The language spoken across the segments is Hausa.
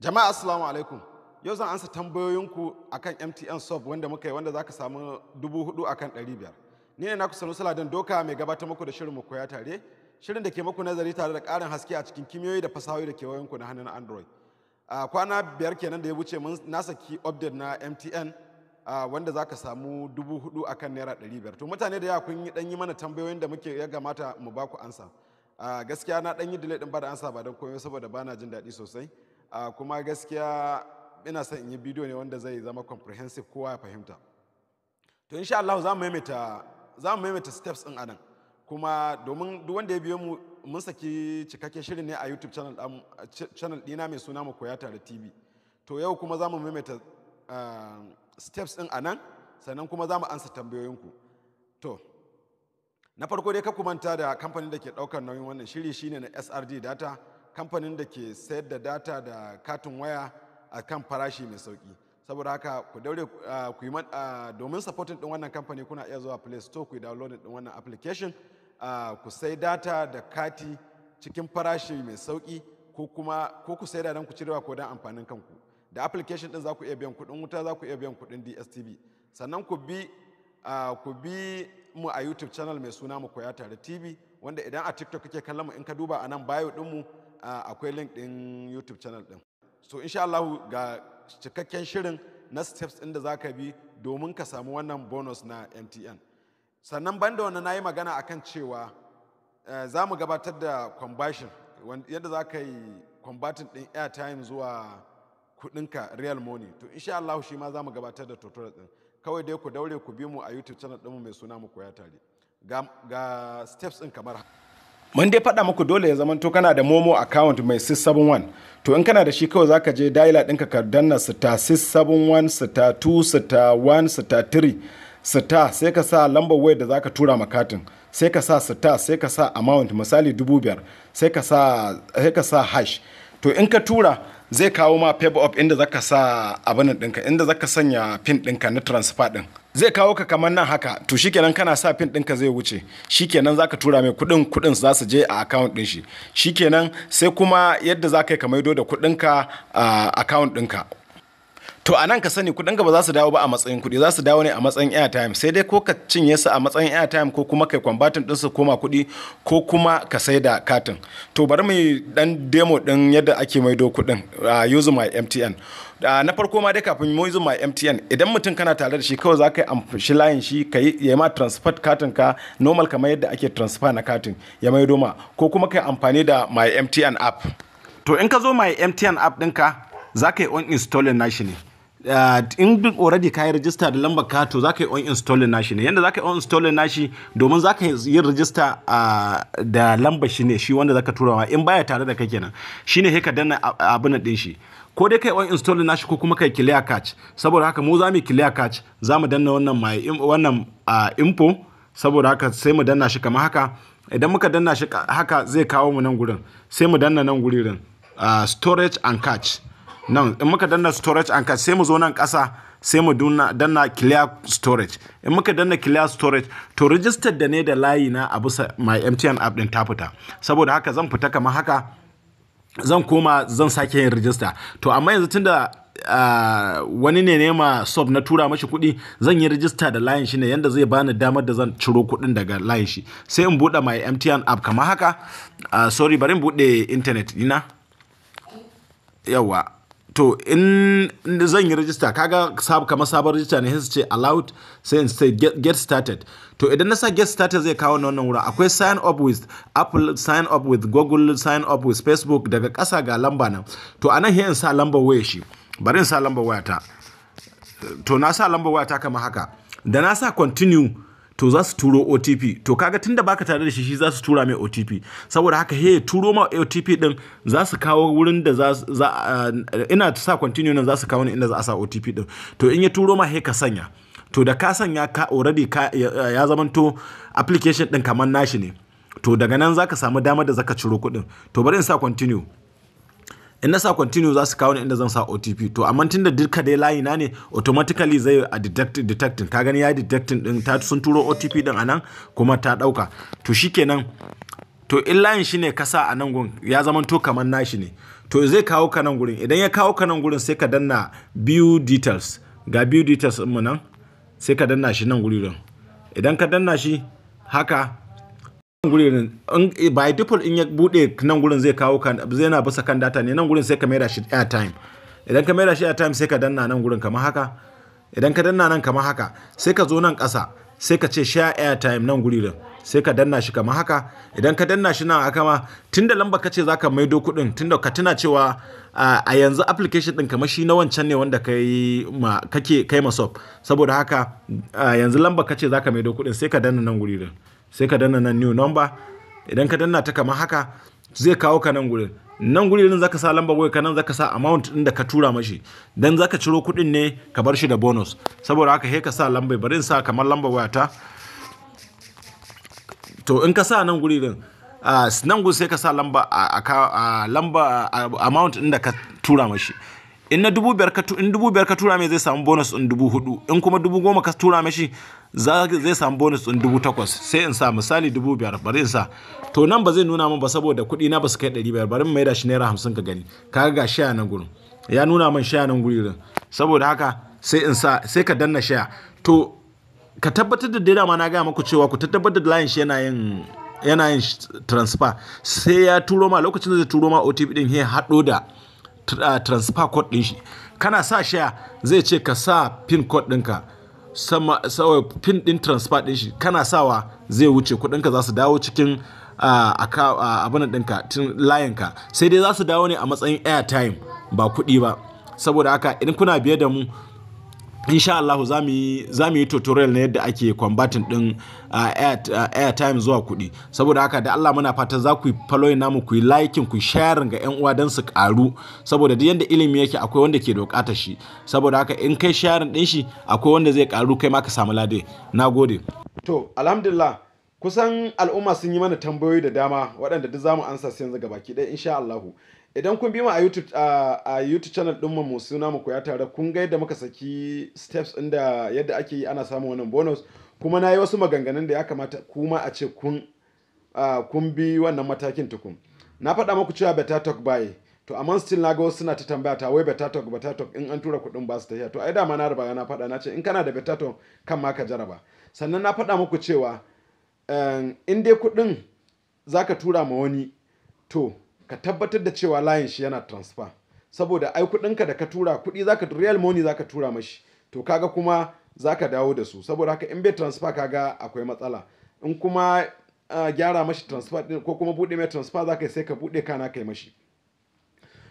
Jama'a assalamu alaikum. Yau zan ansa tambayoyinku akan MTN Soft wanda muka yi wanda zaka samu dubu hudu akan ɗari biyar. Ni ne naku sanu Saladin Doka mai gabatar muku da shirin mu koya tare, shirin da ke muku nazari tare da ƙarin haske a cikin kimiyoyi da fasahohi da kewayenku na hannun Android. a kwana biyar kenan da ya wuce mun na saki update na MTN wanda wanda zaka samu dubu hudu akan naira ɗari biyar. To mutane da yawa kun yi ɗan yi mana tambayoyin da muke ya gamata mu baku ansa. Uh, gaskiya na ɗan yi delay ɗin ba da ansa ba don komai saboda ba na jin daɗi sosai. kuma gaskiya ina son in yi bidiyo ne wanda zai zama comprehensive kowa ya fahimta to insha Allah za mu maimaita za mu maimaita steps din anan kuma domin duk wanda ya biyo mu mun saki cikakken shirin ne a YouTube channel um, channel dina mai suna mu koya tare TV to yau kuma za mu maimaita eh, steps din anan sannan kuma za mu ansa tambayoyinku to na farko dai ka kumanta da kamfanin da ke daukar nauyin wannan shiri shine na SRD data kamfanin da ke sayar da data da katin waya a kan farashi mai sauki saboda haka ku daure ku yi domin supporting din wannan kamfani kuna iya zuwa play store ku yi downloading din wannan application ku sai data da kati cikin farashi mai sauki ko kuma ko ku sai da dan ku cirewa ko dan amfanin kanku da application din za ku iya biyan kuɗin wuta za ku iya biyan kuɗin DSTV sannan ku bi ku bi mu a YouTube channel mai suna mu koya tare TV wanda idan a TikTok kake kallon mu in ka duba anan nan bio din mu akwai link ɗin youtube channel ɗin so insha Allah ga cikakken shirin na steps ɗin da za ka bi domin ka samu wannan bonus na mtn sannan banda wannan na yi magana akan cewa eh, za mu gabatar da conversion yadda za ka yi combating ɗin airtime zuwa kuɗinka real money to insha Allah shi ma za mu gabatar da tutorial ɗin kawai dai ku daure ku bi mu a youtube channel ɗinmu mai suna mu koya tare ga steps ɗin kamar haka mun dai faɗa muku dole ya zamanto kana da momo account mai 671 to in kana da shi kawai zaka je dialer ɗinka ka danna star 671 star 2 star 1 star 3 star sai ka sa lambar wayar da zaka tura ma katin sai ka sa star sai ka sa amount misali 5000 sai ka sa sai ka sa hash to in ka tura zai kawo ma pay up inda zaka sa abin ɗinka inda zaka sanya pin ɗinka na transfer ɗin zai kawo ka kamar nan haka to shikenan kana sa pin ɗinka zai wuce shikenan zaka tura mai kuɗin kuɗin za su je a account ɗin shi shikenan sai kuma yadda za ka yi ka maido da kuɗinka a ah, account ɗinka To a nan ka sani kuɗin ba za su dawo ba a matsayin kuɗi za su dawo ne a matsayin airtime sai dai ko ka cinye su a matsayin airtime ko kuma kai kwambatin ɗin su koma kuɗi ko kuma ka sai da katin. To bari mu dan demo ɗin yadda ake maido kuɗin a use my MTN. na farko ma dai kafin mu use my MTN idan mutum kana tare da shi kawai za ka yi amfashi layin shi ka yi ma transfer katin ka normal kamar yadda ake transfer na katin ya maido ma ko kuma ka amfani da my MTN app. To in ka zo my MTN app ɗinka za ka yi on installing nashi ne. Uh, in duk already ka yi rajista da lambar ka to za ka yi on installing nashi ne yadda za ka yi on installing nashi domin za ka yi rajista uh, da lambar shi ne shi wanda za ka tura ma in baya tare da kai kenan shi ne ka danna abin din shi ko dai kai on install nashi ko kuma kai clear catch saboda haka mu za mu clear catch za mu danna wannan mai wannan uh, info saboda haka sai mu danna shi kamar haka idan muka danna shi haka zai kawo mu nan gurin sai mu danna nan gurin storage and catch nan in muka danna storage anchor sai mu zo nan kasa sai mu danna clear storage in muka danna clear storage to register da ne da layi na a bisa my mtn app din ta fita saboda haka zan fita kamar haka zan koma zan sake yin register to amma yanzu tunda Uh, wani ne nema sub na tura mashi kuɗi zan yi rijista da layin shi ne yanda zai bani damar da zan ciro kuɗin daga layin shi sai in buɗe my mtn app kamar haka uh, sorry bari in buɗe intanet dina yawa to in zan yi rajista kaga kamar sabon rajista ne sai ce allowed sai in say get, get started to idan na sa get started zai kawo wannan wurin akwai sign up with apple sign up with google sign up with facebook daga ƙasa ga lamba nan to anan here in sa lambar waya shi bari in sa lambar ta to na sa lambar ta kamar haka da na sa continue to za su turo OTP to kaga tunda baka tare da shi shi za su tura mai OTP saboda haka he turo ma OTP din za su kawo wurin da za eh, ina sa continue nan za su kawo inda za a sa OTP din to in ya turo ma he ka sanya to da ka sanya ka already ka ya zamanto application din kamar nashi ne to daga nan zaka samu dama da zaka ciro kuɗin to bari in sa continue in na sa continue za su kawo ni inda zan sa OTP to amma tun da duka dai layi na ne automatically zai a detect detecting ka gani ya detecting din ta sun turo OTP din anan kuma ta dauka to shikenan to in layin shi ne ka sa a nan gun ya zama to kamar nashi ne to zai kawo ka nan gurin idan ya kawo ka nan gurin sai ka danna view details ga view details din mu nan sai ka danna shi nan gurin idan ka danna shi haka gurin by default in ya bude nan gurin zai kawo kan zai na basa kan data ne nan gurin sai ka maida shi airtime idan ka maida shi airtime sai ka danna nan gurin kamar haka idan ka danna nan kamar haka sai ka zo nan ƙasa sai ka ce share airtime nan gurin sai ka danna shi kamar haka idan ka danna shi nan haka ma tunda lamba ka ce zaka maido kuɗin tunda ka tuna cewa a yanzu application din kamar shi na wancan ne wanda kai ma kake kai masop saboda haka yanzu lamba ka ce zaka maido kuɗin sai ka danna nan gurin sai ka danna nan new number idan ka danna ta kamar haka zai kawo ka nan gurin nan din zaka sa lambar waya ka nan zaka sa amount din da ka tura mashi dan zaka ciro kuɗin ne ka bar shi da bonus saboda haka he ka sa lambar bari in sa kamar lambar ta to in ka sa nan gurin ah, nan gun sai ka sa lamba ah, a ah, lamba amount din da ka tura mashi in na dubu biyar ka tura mai zai samu bonus in dubu hudu in kuma dubu goma ka tura shi zai samu bonus in dubu takwas sai in sa misali dubu biyar bari in sa to nan ba zai nuna min ba saboda kuɗi na ba su kai ɗari biyar bari mai da shi naira hamsin ka gani ka ga shaya nan gurin ya nuna min shaya nan gurin saboda haka sai in sa sai ka danna shaya to ka tabbatar da dai ma na gaya maku cewa ku tabbatar da layin shi yana yin yana yin transfer sai ya turo ma lokacin da zai turo ma OTP din ya haɗo da Ah, transfer code din shi kana sa share zai ce ka sa pin code ɗinka sama sawa pin din transfer din shi kana sawa zai wuce kuɗinka za su dawo cikin ah, ah, abin ɗinka tun layinka sai dai za su dawo ne a matsayin airtime ba kuɗi ba saboda haka idan kuna biye da mu insha Allah za mu yi tutorial na yadda ake kwambatin din ah, air, time ah, airtime zuwa kuɗi saboda haka da Allah muna fata za ku yi following namu ku yi liking ku sharing ga 'yan uwa don su karu saboda duk yadda ilimi yake akwai wanda ke dokata shi saboda haka in kai sharing din shi akwai wanda zai karu kai maka samu lade na gode to alhamdulillah kusan al'umma sun yi mana tambayoyi da dama waɗanda duk zamu mu ansa su yanzu gabaki ɗaya insha Allah idan kun bi mu a YouTube a YouTube channel din mu suna mu koya tare kun ga yadda muka saki steps din da yadda ake yi ana samun wannan bonus kuma na yi wasu maganganun da ya kamata kuma a ce kun kun bi wannan matakin tukun na faɗa muku cewa beta talk buy to amma still na ga wasu suna ta tambaya ta wai beta talk beta talk in an tura kuɗin ba su tafiya to ai da ma na riga na faɗa na ce in kana da beta talk kan ma ka jaraba sannan na faɗa muku cewa eh, in dai kuɗin zaka tura ma wani to ka tabbatar da cewa layin shi yana transfer saboda ai kuɗinka da ka tura kuɗi zaka real money zaka tura mashi to kaga kuma zaka dawo da su saboda haka in bai transfer kaga akwai matsala in kuma gyara mashi transfer din ko kuma buɗe mai transfer zaka sai ka buɗe kana kai mashi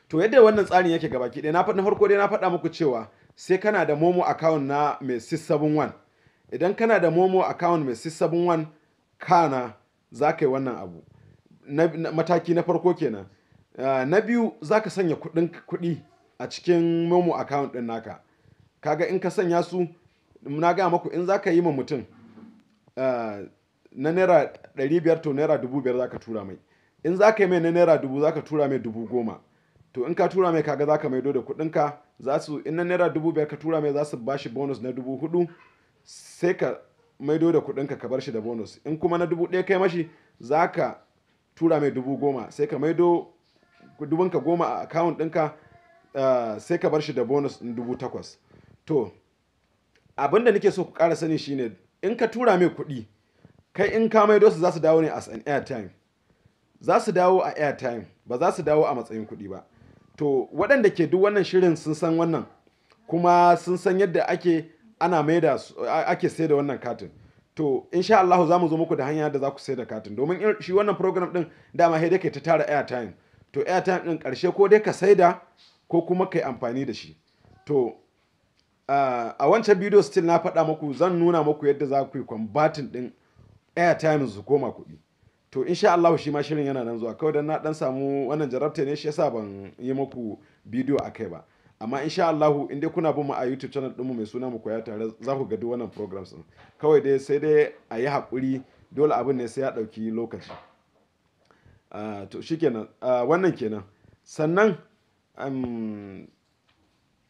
to yadda wannan tsarin yake gabaki ɗaya na faɗin farko dai na faɗa muku cewa sai kana da momo account na mai 671 idan kana da momo account mai 671 kana za yi wannan abu mataki na farko kenan ah, na biyu za ka sanya kuɗin kuɗi a cikin momo account din naka kaga in ka sanya su na gaya maku in za ka yi ma mutum ah, na naira 500 to naira 5,000 za ka tura mai in za ka yi mai na naira 1000 za ka tura mai 10,000 to in ka tura mai kaga za ka maido da ka za su in na naira 5,000 ka tura mai za su ba shi bonus na 4,000 sai ka maido da kuɗinka ka bar shi da bonus in kuma na 1,000 kai mashi za ka tura mai dubu goma sai ka maido dubunka goma a account ɗinka eh, sai ka bar shi da bonus dubu takwas to abin da nake so ku ƙara sani shine in ka tura mai kuɗi kai in ka maido su za su dawo ne as an airtime za su dawo a airtime ba za su dawo a matsayin kuɗi ba to waɗanda ke duk wannan shirin sun san wannan kuma sun san yadda ake ana maida ake sai da wannan katin to insha Allah za mu zo muku da hanya da za ku sai da katin domin shi wannan program din dama sai dai ke ta tara airtime to airtime din karshe ko dai ka saida ko kuma kai amfani da shi to a wancan bidiyo still na faɗa muku zan nuna muku yadda za ku yi kwambatin din airtime su koma kuɗi to insha Allah shi ma shirin yana nan zuwa kawai dan na dan samu wannan jarabta ne shi yasa ban yi muku bidiyo akai ba amma insha Allahu in dai kuna bin mu a YouTube channel ɗinmu mai suna mu koya tare za ku ga duk wannan programs ɗin kawai dai sai dai a yi haƙuri dole abin ne sai ya ɗauki lokaci ah, to shikenan ah, wannan kenan sannan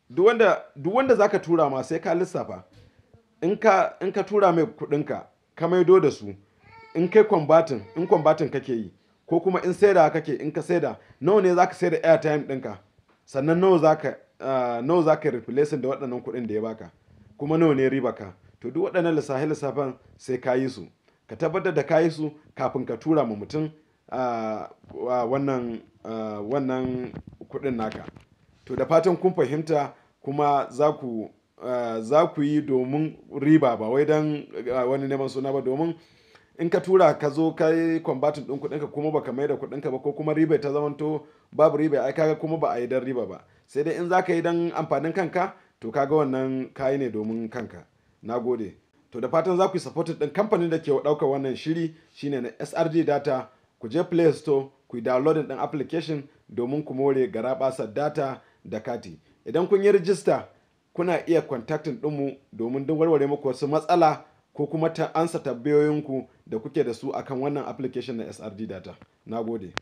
duk wanda duk wanda zaka tura ma sai ka lissafa in ka in ka tura mai kuɗinka ka maido da su in kai kwambatin in kwambatin kake yi ko kuma in saida kake in ka saida nawa ne zaka saida airtime ɗinka sannan nawa zaka Uh, nawa za ka replacing da waɗannan kuɗin da ya baka kuma nawa ne riba ka to duk waɗannan lissafi lissafan sai ka yi su ka tabbatar da ka yi su kafin ka tura ma mutum uh, uh, wannan wannan kuɗin naka to da fatan kun fahimta kuma za ku za ku yi domin riba ba wai don wani neman suna ba domin in ka tura ka zo ka yi kwambatin ɗin ka kuma baka mai da kuɗinka ba ko kuma riba ta zamanto babu riba ai kaga kuma ba a yi dan riba ba sai dai in za ka yi dan amfanin kanka to kaga wannan kayi ne domin kanka na gode to da fatan za ku yi supported ɗin kamfanin da ke ɗaukar wannan shiri shine na srg data ku je play store ku yi downloading ɗin application domin ku more garaɓasar data da kati idan kun yi rijista kuna iya contacting ɗinmu domin duk warware muku wasu matsala ko kuma ta ansa tambayoyinku da kuke da su akan wannan application na SRD data. Na gode.